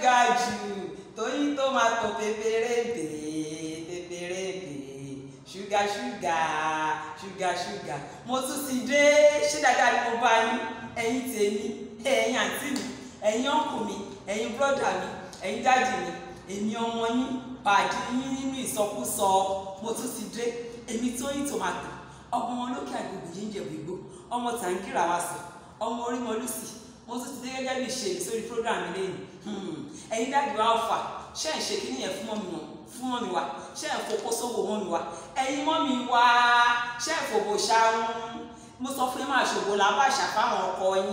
ga jù tóyìn tó máa tó pépéré dè pépéré dè ṣúgà ṣúgà ṣúgà ṣúgà mo tún ti dé ṣé dáadáa ni mo bá yín ẹ̀yin tèmi ẹ̀yin àǹtí mi ẹ̀yin ọ̀nkù mi ẹ̀yin bọ́dà mi ẹ̀yin dáàdì mi èmi ọmọ yín pàdé yín nínú ìsọkúsọ mo tún ti dé èmi tóyìn tòmátò ọmọ wọn lókè àgbègbè yín jẹ̀bù igbó ọmọ tàǹkìrà wa sọ ọmọ orí mọlúsì bíbélì ṣe sórí program lẹ́yìn hmm. ẹ̀yin dáàbò alfa ṣé ń ṣe kí nìyẹn fún mọ́mi wọn fún mọ́mi wa ṣé ń fokó sówó mọ́mi wa ẹ̀yin mọ́mi wa ṣé ń fòbò ṣàrùn mo sọ fún yín máa ṣòbò làbàṣà fáwọn ọkọ yín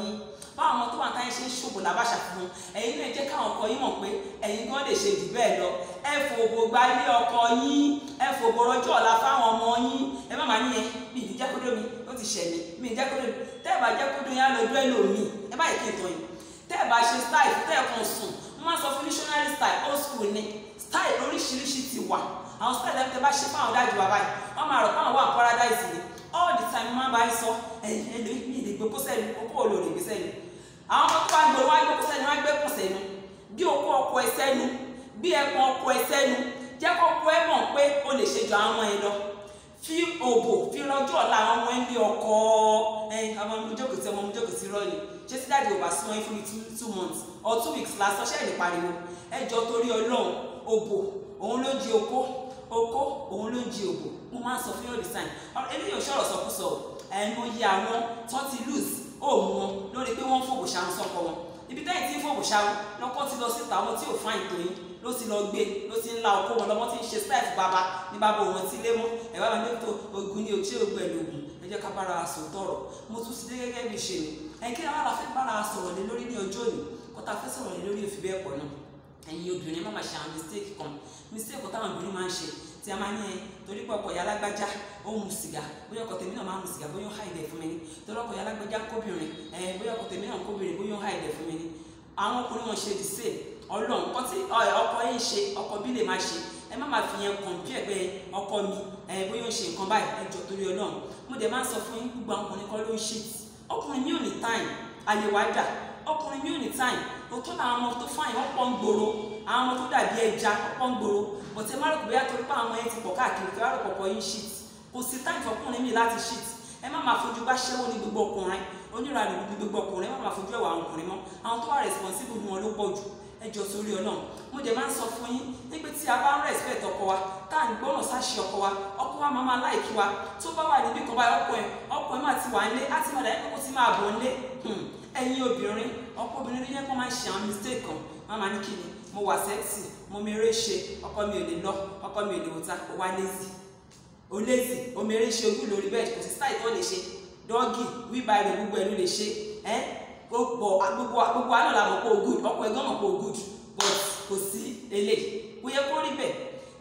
báwọn ọmọ tó wà táyé ṣe ń ṣòbò làbàṣà fún un ẹ̀yin náà jẹ́ káwọn ọkọ yín mọ̀ pé ẹ̀yin gan lè ṣe jù bẹ́ẹ̀ lọ ẹ fòbò gba ilé ọkọ yín ẹ fòbò rọjò ọ̀la fáwọn ọmọ yín ẹ má máa ní mi ìdí jákòdó mi ó ti ṣẹlẹ̀ mi ìdí jákòdó mi tẹ́ẹ̀ bá jákòdó yín á lọ dúró ẹ lòmíì ẹ báyìí kí n tọ́ yìí tẹ́ ẹ̀ bá ṣe style tẹ́ ẹ̀ kàn sùn wọ́n máa sọ fún missionary style old school ni style lóríṣiríṣi ti wà àwọn style tẹ́ bá ṣe fáwọn dájú wa báyìí wọ́n máa rọ̀ fáwọn wà paradise ni all the time máa bá sọ ẹ̀yìn ẹ̀lẹ́gbẹ̀gbẹ̀ kó sẹ́yìn okó olórí gbé sẹ́yìn àwọn ọmọ tó bá gbòòrò wá gbé kó sẹ́yìn wá gbé kó sẹ́yìn bí okó ọkọ ẹ sẹ́nu bí ẹ̀kọ́ ọkọ ẹ sẹ́nu jẹ́ kọ́kọ́ ẹ mọ̀ pé o lè ṣe jọ àwọn ọmọ ẹ lọ fi òbò fi rọjò ọ̀la àwọn ọmọ ẹ ní ọkọ̀ ẹ̀yìn àwọn ọmọ mi jókòó sí ọmọ mi jókòó sí rọ́ọ̀lì jésù dáàdi ò bá súnmọ́ yín fún mi two months or two weeks lásán ṣẹ́ lè pariwo ẹjọ́ torí ọlọ́run òbò òun ló di okó okó òun ló di òbò mo máa ń sọ fún yóò di sign eléyìí ò ṣọ̀rọ̀ sọkúsọ ẹnu yí àwọn tó ti lose òòmù wọn lórí pé wọ́n ń fòbò ṣàwọn sọ́kọ wọn ibi tẹ́yìn tí ń fòbò ṣàwọn lọ́kọ́ ti lọ síta àwọn tí ò fáìn tó yín ló ti lọ gbé ló ti ń la ọkọ wọn lọ́mọ tí ń ṣe style bàbá ní bàbá òun ti lé mọ́ ẹ̀ bá mi ní tó ogun ní ojú ògbẹ́ lóògùn jẹ́ ká bára sòótọ́ ọ̀rọ̀ mo tún ti dé gẹ́gẹ́ bí ṣe mi ẹ̀kẹ́ àwọn àlàfẹ́ bára sọ̀rọ̀ lé lórí ní ọjọ́ òní kọ́ta fẹ́ sọ̀rọ̀ lé lórí òfin bẹ́ẹ̀ pọ̀ náà ẹ̀yin obìnrin má máa ṣe àwọn mistake kan mistake kan táwọn obìnrin máa ń ṣe tí a máa ní ẹ torí pé ọkọ ìyá alágbájá ó mu sìgá bóyá ọkọ tèmi náà máa mu sìgá bóyá ó háìdẹ̀ fún mi ni torí ọkọ ìyá alágbájá kóbìnrin ẹ bóyá ọkọ tèmi náà kóbìnrin bóyá ó háìdẹ̀ fún mi ni àwọn ọkùnrin wọn ṣe the same ọlọ́run yìí ṣe ọkọ bí lè máa ṣe ẹ má máa fi yẹn compare pé ọkọ mi ẹ bóyá ó ṣe nǹkan báyìí ẹ jọ torí Ọlọ́run mo dẹ̀ máa ń sọ fún yín gbogbo àwọn ọkùnrin kan ló ń ṣe ọkùnrin mi ò ní time àyè wá dà ọkùnrin mi ò ní time òótọ́ làwọn ọmọ tó fáyìn wọ́n pọ̀ ń gbòòrò àwọn ọmọ tó dàbí ẹja wọ́n pọ̀ ń gbòòrò bọ̀tẹ́ má rò pé yàtọ̀ pé àwọn ẹ ti pọ̀ káàkiri kí wọ́n rò pọ̀pọ̀ yín shit kò sí time fọkùnrin mi láti shit ẹ má máa fojú bá ṣẹ́wó ní gbogbo ọkùnrin onírànlọ́wọ́ ní gbogbo ọkùnrin ẹ má máa fojú ẹ̀wà àwọn ọkùnrin mọ́ àwọn tó wà responsible ni wọ́n ẹ jọ sórí Ọlọ́run mo dẹ̀ máa ń sọ fún yín nígbà tí a bá ń respect ọkọ wa tá à ń gbọ́ràn sáṣẹ ọkọ wa ọkọ wa máa máa láìkí wa tó bá wà níbi kan bá ọkọ ẹ ọkọ ẹ máa ti wà nílé á ti máa dàbí kókó ti máa bọ̀ nílé hmm. ẹ̀yin obìnrin ọkọ obìnrin ló yẹ kó máa ń ṣe àwọn mistake kan máa máa ní kí ni mo wà sexy mo mèrè ṣe ọkọ mi ò lè lọ ọkọ mi ò lè wòta ó wá lazy ó lazy ó mèrè ṣe ogún lórí bẹ́ẹ̀ kò sí style tó lè ṣe dọ́gì wíbáyìí gbogbo ẹ̀ ló lè kó pọ̀ gbogbo gbogbo àná làmọ̀ pé o good ọkọ̀ ẹ̀gbọ́n mọ̀ pé good but kò sí eléyìí kò yẹ kó rí bẹ́ẹ̀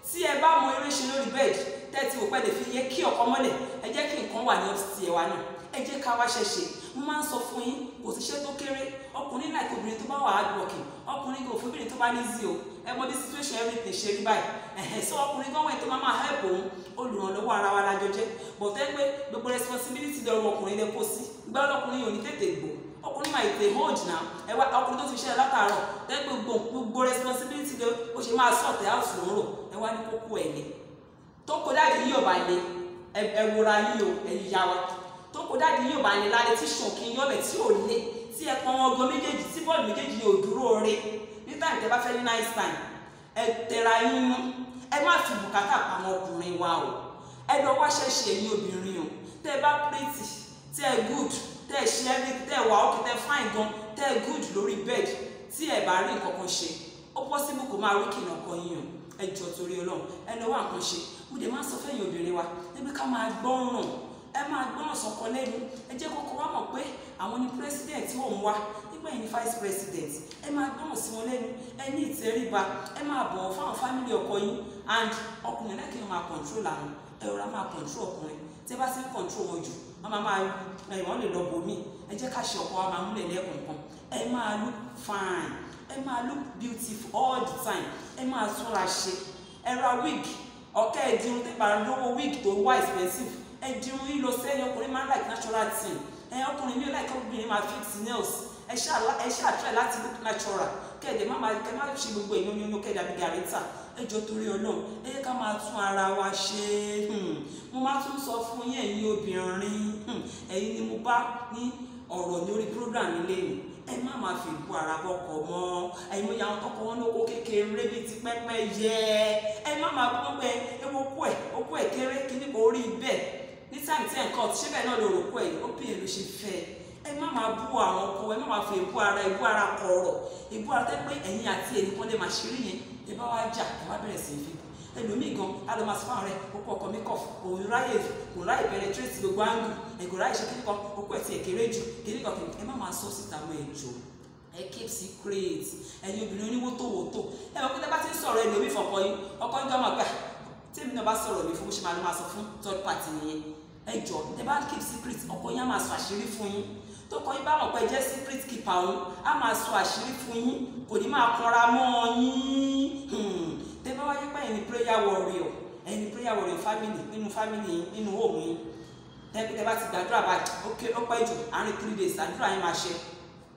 tí ẹ bá mọ eré ṣe lórí bẹ́ẹ̀dì tẹ́tí òpẹ́ lè fi yẹ kí ọkọ mọ́lẹ̀ ẹ jẹ́ kí nǹkan wà ní ọ́fíìsì ẹ̀ wa náà ẹ jẹ́ ká wá ṣẹ̀ṣẹ̀ mo máa ń sọ fún yín kò síṣẹ́ tó kéré ọkùnrin láì obìnrin tó bá wà hardworking ọkùnrin kò fún obìnrin tó bá ní zi o ẹ mọ bí situation everything ṣe rí báyìí ẹ̀hẹ̀ sọ ọkùnrin gan wọ̀nyí tó máa máa help òun olùrànlọ́wọ́ ara wa lájọ jẹ́ bọ̀tẹ́ gbogbo responsibility lọ́rọ̀ ọkùnrin lè kó sí gbọ́dọ̀ ọkùnrin yóò ní tètè gbòó ọkùnrin máa ètè hajj náà ẹ wá ọkùnrin tó ti ṣe látàárọ̀ tẹ́gbẹ́ gbogbo gbogbo responsibility lé ó ṣe máa sọ̀tẹ̀ house ló ń rò ẹ wá ní kókó ẹ̀ lé tó kó dáàdi yí ọ̀bà lé ẹ wòra yí o ẹ yíya wa tó kó dáàdi yí ọ̀bà lé lálẹ́ tí sùn kí n yọ̀bẹ̀ tí ò lé tí ẹ pọn ọgọ méjèèjì tí bọ́ọ̀lù méjèèjì yóò dúró re ní táyì tẹ bá fẹ́ ní nice time ẹ tẹra yín mú ẹ má fi bùkátà pamọ́ ọkùnrin wa o ẹ lọ wáṣẹ́ ṣe ẹ̀yin obìnrin o tẹ bá pretty tẹ good tẹ́ ẹ̀ ṣe everything tẹ́ ẹ̀ wà ókè tẹ́ ẹ̀ fine gan tẹ́ ẹ̀ good lórí bed tí ẹ̀ bá rí nǹkan kan ṣe ó possible kó máa rí kìnà kan yíyan ẹ jọ̀ọ́ torí Ọlọ́run ẹ lọ wá nǹkan ṣe mo dẹ̀ máa ń sọ fẹ́yìn obìnrin wa níbi ká máa gbọ́ràn ẹ máa gbọ́ràn sọ̀kan lẹ́nu ẹ jẹ́ kókó wá mọ̀ pé àwọn ni president tí wọ́n ń wá nígbà yìí ni vice president ẹ máa gbọ́ràn sí wọn lẹ́nu ẹ ní ìtẹríba ẹ máa bọ̀wọ̀ fáwọn family ọkọ yín and ọkùnrin lẹ́kìn máa control àwọn ẹ rọra máa control ọkùnrin tí ẹ bá ti ń control wọn jù wọ́n máa máa ẹ̀ eh, wọ́n lè lọ bòmí ẹ jẹ́ ká ṣe ọ̀pọ̀ wa máa múlẹ̀ ẹ máa look fine ẹ máa look beautiful all the time ẹ máa túnra ṣe ẹ ra wig ọ̀kẹ́ ẹ dirun tẹ́pà lówó wig tó wá expensive ẹ dirun lílo sẹ́yìn ọkùnrin máa ń like natural thing ẹ ọkùnrin mi like ọkùnrin máa fix nails ẹ ṣáà try láti look natural kẹ́ẹ̀dẹ̀ má máa kẹ́ má ṣe gbogbo èèyàn yóyún kẹ́ẹ̀dẹ̀ àbí gàrẹ́tà ẹ jọ torí ọlọ́run ẹ yẹ ká máa tún ara wa ṣe hmm, mo máa tún sọ fún yín ẹ̀yin obìnrin hmm, ẹ̀yin ni mo bá ní ọ̀rọ̀ lórí program ilé mi ẹ má máa fi bu ara bọ́kọ̀ mọ́ ẹ̀yin oye àwọn tọkọ wọn lówó kékeré bíi ti pẹ́pẹ́ yẹ ẹ má máa gbọ́ pé ẹ okú ẹ̀ okú ẹ̀ kéré kíní kò rí bẹ́ẹ̀ ní táìmù tí ẹ̀ kọ́ ṣé náà ló rò ẹ̀ ó pè é ṣe fẹ́ ẹ má máa bú àwọn ọkọ ẹ má máa fi èbú ara èbú ara kọ ọ̀rọ̀ èbú ara tẹ́ pé ẹ̀yin àti èyí kan lè máa ṣeré yẹn ẹ bá wá jà ẹ má bẹ̀rẹ̀ sí í fi bù ẹlòmíì gan alọ́màsí fáwọn rẹ̀ ọkọ ọkọ mi kọ̀ òun ráyè kò ráyè bẹ̀rẹ̀ tírèsì gbogbo áńgù ẹ̀gọ́ ráyè ṣe kíní kan ọkọ ẹ̀ ti ẹ̀ jù kíní kan kìí ẹ má máa sọ síta mọ́ ẹ̀ ẹ keep secret ẹ̀yin obìnrin oníwótòwótò ẹ mọ̀ pé tẹ́ bá ti ń sọ̀rọ̀ ẹlòmíì fọ̀kọ yìí ọkọ ń gbọ́ máa ah, gbà tèmi náà bá sọ̀rọ̀ mi fún bó ṣe máa lọ máa sọ fún third party nìyẹn ẹ jọ tẹ bá keep secret ọkọ yín á máa sọ àṣírí fún yín tó kọ yín bá mọ̀ pé jẹ́ secret keeper òun á máa sọ àṣírí fún yín kò ní máa kanra mọ́ yín hmm. tẹ bá wáyé pé ẹni prayer warrior ẹni prayer warrior family nínú family yín nínú home yín tẹ bá ti gbàdúrà bá ó pẹ́ jù àárín three days àdúrà yín máa ṣe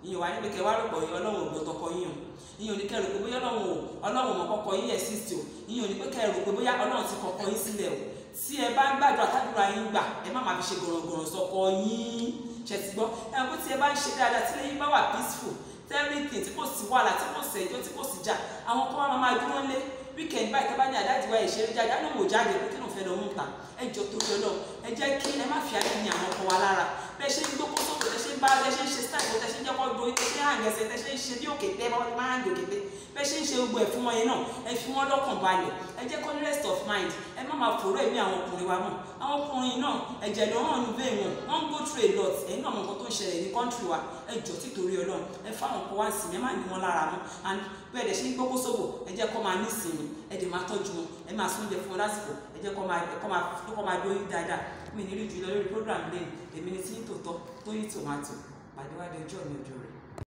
ìyẹn wà ní pé kẹwàá rògbò yìí ọlọ́run ògbó tọkọ yín o ìyẹn ò ní kẹrù pé bóyá ọlọ́run ò ọlọ́run mọ̀ kọkọ yín exist o ìyẹn ò ní pé kẹrù pé bóyá ọlọ́run ti kọkọ yín sílẹ̀ o tí ẹ bá ń gbàdúrà tàdúrà yín gbà ẹ má má fi ṣe gọ̀rọ̀gọ̀rọ̀ sọkọ yín ṣe ti gbọ́ ẹ kó tí ẹ bá ń ṣe dáadáa tí lẹ́yìn bá wà peaceful everything tí kò sí wàhálà tí kò sẹ́jọ́ tí kò sí jà àwọn kan máa máa dúró lé weekend báyìí tábà ní àdájúwa ìṣeré jáde àná wò jáde pé kí ló fẹ́ lọ ta ẹ jọ tó yọ náà ẹ jẹ́ kí ẹ má fi ayé ní àwọn ọkọ wa lára bẹ́ẹ̀ ṣe ń gbókó sókè bá ẹ ṣe ń ṣe style tẹ ṣe ń jẹ́kọ́ dorí tẹ ṣe ń hàn ẹsẹ̀ tẹ ṣe ń ṣe bí òkè tẹ bọ́n máa ń gòkè tẹ bẹ́ẹ̀ ṣe ń ṣe gbogbo ẹ̀ fún wọn yẹn náà ẹ fi wọ́n lọ́kàn balẹ̀ ẹ jẹ́ kọ́ rest of mind ẹ má máa fòrò ẹ̀mí àwọn ọkùnrin wa mọ̀ àwọn ọkùnrin náà ẹ̀jẹ̀ ló hàn ní bẹ́ẹ̀ wọn wọ́n ń go through a lot ẹ̀yin náà mọ̀ nǹkan tó ń ṣẹlẹ̀ ní country wa ẹ jọ títorí Ọlọ́run ẹ fáwọn kan wá sí ẹ má ní wọn lára mọ́ and bẹ́ẹ̀ dẹ̀ ṣe ń gbókó sóbò ẹ jẹ́ kọ́ máa ní ìsinmi ẹ dẹ̀ máa tọ́jú wọn ẹ máa sún oúnjẹ fún wọn lásìkò ẹ jẹ́ kọ́ máa dóyún dáadáa mi ní rí jùlọ lórí program lẹ́yìn èmi ni tí ń tòótọ́ Tóyìn Tòmátò pàdé wá di ọjọ́ mi ọjọ́ rẹ̀.